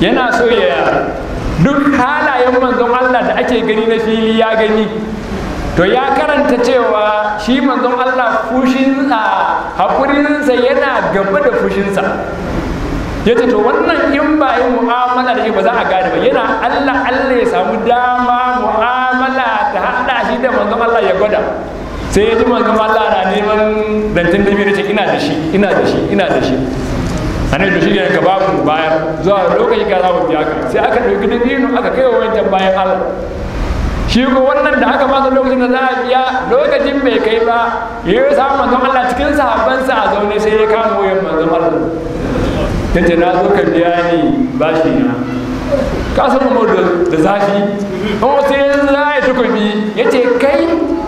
yana so ya duk halayen manzon Allah da ake gani na fili ya gani to ya karanta cewa shi manzon Allah fushinsa haƙurinsa yana gaba da fushinsa ya ce to wannan in ba yi mu'amala da shi ba za a gane ba yana Allah Allah ya samu dama mu'amala ta haɗa shi da manzon Allah ya gwada sai ya ji manzon Allah na neman dantin da biyu ce ina da shi ina da shi ina da shi annabi da shi ne ka babu bayar zuwa lokaci ka za mu biya ka sai aka ɗauki da biyu aka kai wa wancan bayan Allah shi ko wannan da aka masa lokacin da za a biya lokacin bai kai ba ya yi samun manzon Allah cikin sahabbansa a zaune sai ya kama wayan manzon Allah ta ce na zo ka biya ni bashi na ka san mu da zafi kuma sai ya za ya ya ce kai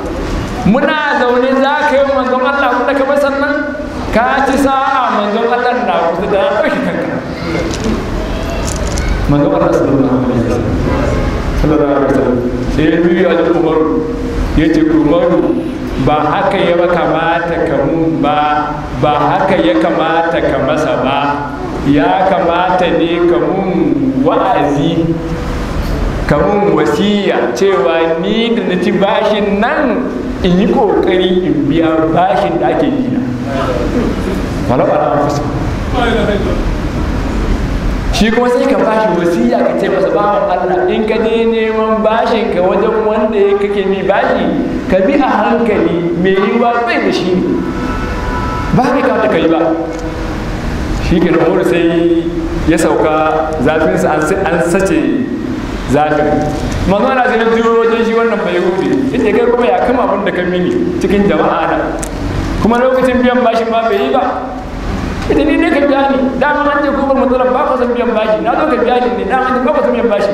muna zaune za ka yi manzon Allah kuɗa kamar sannan ka ci sa'a manzon Allah na kusa da ɗauki kanka manzon Allah sallallahu alaihi wasallam sallallahu alaihi wasallam sai ya biyu a umaru ya ce umaru ba haka ya kamata ka mun ba ba haka ya kamata ka masa ba ya kamata ne ka mun wa'azi kamun wasiya cewa ni da na ci bashin nan in yi kokari in biya bashin da ake yi wala wala wala fusa shi kuma sai ka bashi wasiya ka ce masa wa Allah in ka je neman bashin ka wajen wanda ya kake ni bashi ka bi a hankali mai yiwuwa bai da shi ba ka ka yi ba shi ke sai ya sauka zafinsa an sace za ka manzo ana na wajen shi wannan bai rufe inda kai kuma ya kama abin da ka mini cikin jama'a na kuma lokacin biyan bashin ba bai yi ba ita ni ne ka biya ni dama an ce kuma ba matsalar ba ka san biyan bashi na zo ka biya ni ne dama ba ka san biyan bashi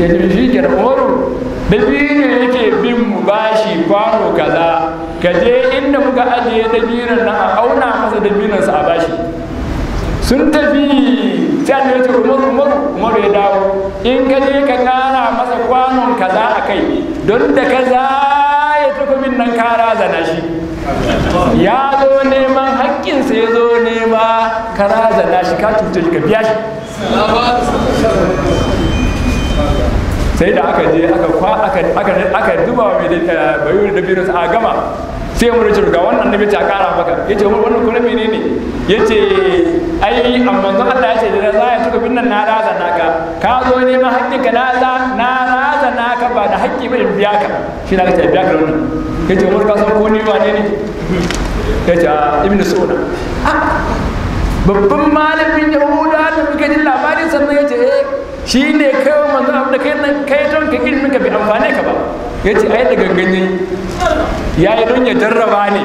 ya ji shi ke da horo da biyu ne yake bin mu bashi kwano kaza ka je inda muka ajiye dabinan na a auna masa dabinan sa a bashi sun tafi sai ya ce umar umar umar ya dawo in ka je ka kara masa kwanon kaza a kai don da kaza ya min nan kara zana shi ya zo neman sa ya zo nema kara zana shi ka cuta shi ka biya shi sai da aka je aka kwa aka duba mai da eh, bayu da virus a gama sai mu rubuta ga wannan nabi ta kara maka yace wannan kuma menene yace ai amma zan Allah ce da za ya tuka binnan na raza naka ka zo ne ma hakkinka na za na raza naka ba da hakki ba in biya ka shi na ta biya ka wannan yace umar ka san ko ni ba ne ne yace ah, ibnu suna ah, babban malamin yahuda da muke jin labarin sannan yace eh shi ne kawai manzo abu da kai nan kai don ka ilimin ka bai amfane ka ba ya ce ai da gangan ya yi don ya jarraba ne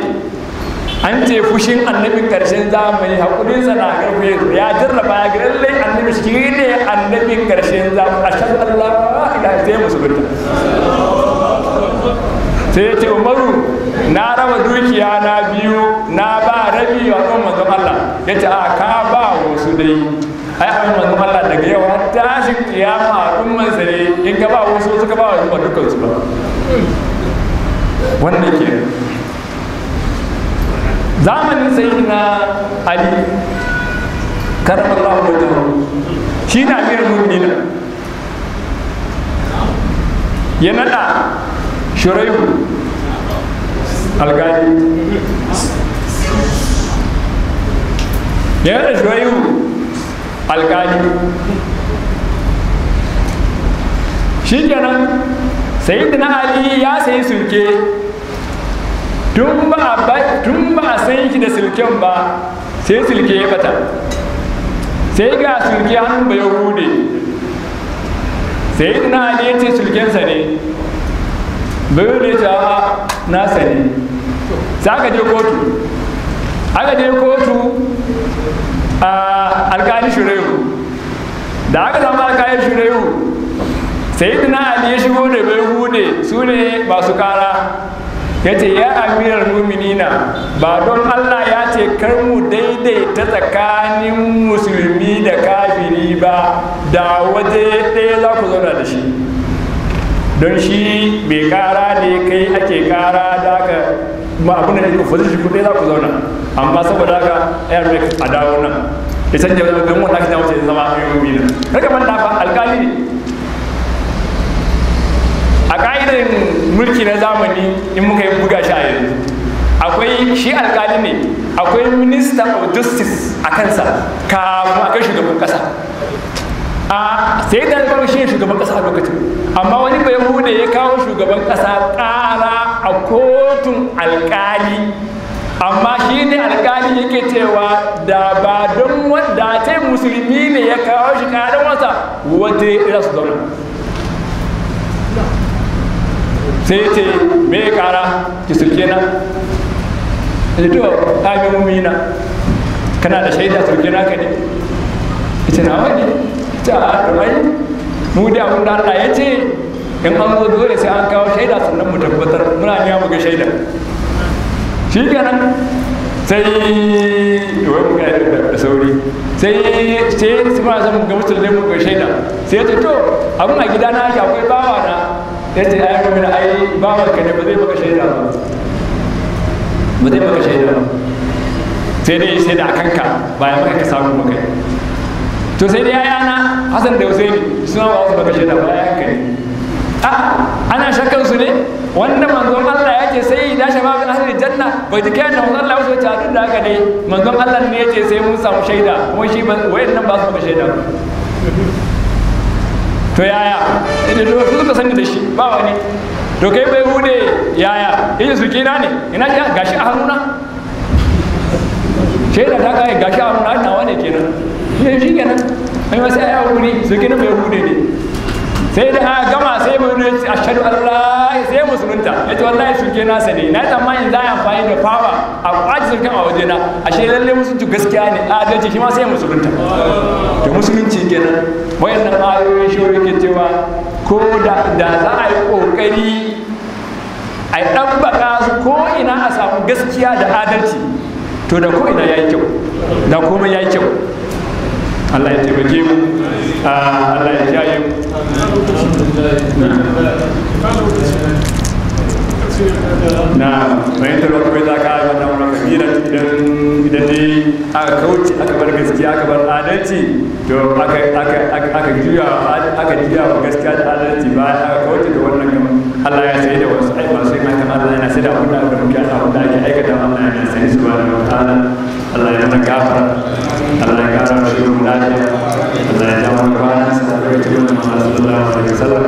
an ce fushin annabin karshen zamani hakurin sa na karfe ya jarraba ya ga lai annabi shi ne annabin karshen zamani a shan Allah ce sai musulunta sai ya ce umaru na raba dukiya na biyu na ba rabi wa kan Allah ya ce a ka ba wasu dai ai abin manzon Allah daga yau har tashi kiyama al'umman sa ne in ka ba wasu suka ba wa dukkan su ba wannan ke zamanin na Ali karamallahu wajhahu shi na biyar mu'minin ya nada shuraihu algadi ya nada shuraihu alkali shi kenan sayyidina ali ya sayi sulke tun ba a san shi da sulken ba sai sulke ya fata sai ga sulke hannun ba ya hude sai na ali ya ce silkensa ne bayan da ya ce nasa ne sai aka je kotu aka je kotu alkali shirayu da aka zama alkali shirayu sai na ali ya shigo da bai hude su ne ba su kara ya ce ya amirar muminina ba don allah ya ce kar mu ta tsakanin musulmi da kafiri ba da waje ɗaya za ku zauna da shi don shi bai kara ne kai ake kara da ka. ma abin da ya ko fuzin shi kuɗi za ku zauna amma saboda haka air a dawo nan ya canja wani don wanda ake dawo zama a yi biyu rika man dafa alkali ne a ƙa'idan mulki na zamani in muka yi buga shi a yanzu akwai shi alkali ne akwai minister of justice a kansa kafin a kai shugaban ƙasa a sai da albar shi shugaban kasa a lokacin amma wani bai hude ya kawo shugaban kasa kara a kotun alkali amma shi ne alkali yake cewa da ba don wanda ce musulmi ne ya kawo shi karan wasa wata ya su zama sai ce me ya kara ki sulke na ya to ta mumina kana da shaida sulke na ka ne ita na wani ta al'armai mu da ya ce in an zo dole sai an kawo shaida sannan mu tabbatar muna ne mu ga shaida shi kenan sai wani ga da sauri sai sai su zan ga mu ga shaida sai to a gida na akwai bawa na ai bawa ka ne ba zai kanka bayan ka to sai da na hasan da Husaini suna ba su baka shaida ba ya kai a ana shakkan su ne wanda manzon Allah yake sai ya dace ma bin ahli janna bai ji kai da manzon Allah wato ta a da haka ne manzon Allah ne yake sai mun samu shaida kuma shi nan ba su baka shaida to yaya idan duk su suka sani da shi ba wani to kai bai hude yaya yace su kina ne ina ga gashi a haruna shaida ta kai gashi a haruna nawa wane kenan ce shi kenan ai wasu ai hudu ne su kina mai hudu ne sai da aka gama sai mu ne ashhadu allah sai musulunta yace wallahi su ke nasa ne na tsammanin za a amfani da fawa a ajin kan a waje na ashe lalle musulunci gaskiya ne adalci shi ma sai musulunta to musulunci kenan wayannan ayoyin shi yake cewa ko da da za a yi kokari a yi ɗabbaka su ko ina a samu gaskiya da adalci to da ko ina ya yi kyau da komai ya yi kyau Allah ya taimake mu ah, Allah ya jaye mu na bayan da bai za ka yi wannan wani kabila idan idan ne aka kauce aka bar gaskiya aka bar adalci to aka aka aka juya aka juya gaskiya da adalci ba aka kauce da wannan gaba Allah ya sai da wasu ai sai ma yana sai da da muke ana ake aikata yana sai su Allah ya mana gafara Allah ya shirin lafiya Allah ya sa da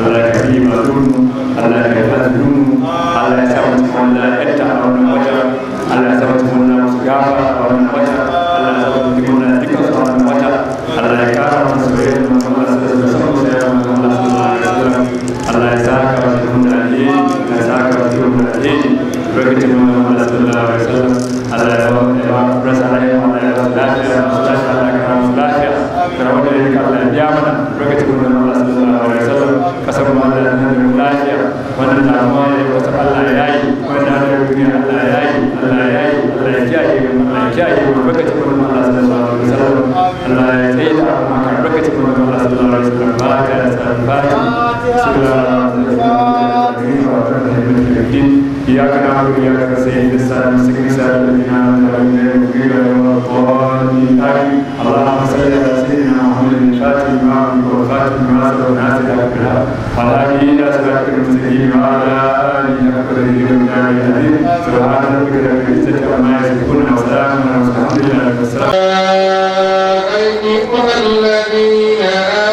alaihi Allah ya kafi ma dunu Allah ya kafa dunu Allah ya sa ta a wannan wajen Allah ya sa mu kiyaye albarkacin manzon Allah sallallahu alaihi wasallam Allah ya tsaye da maka albarkacin manzon Allah sallallahu alaihi wasallam ba ta da sarfati إياك نعبد وإياك نستعين بالسلام المستقيم سلام الذين أنعمت عليهم غير الضالين آمين اللهم صل على سيدنا محمد الفاتح لما أمرك والخاتم لما سبق ناصر الحق فلاجينا سرقت المسلمين على آلنا فلاجينا مجاهدين سبحان ربك رب العزة عما يصفون وسلام على المرسلين والحمد لله رب العالمين. الذين آمنوا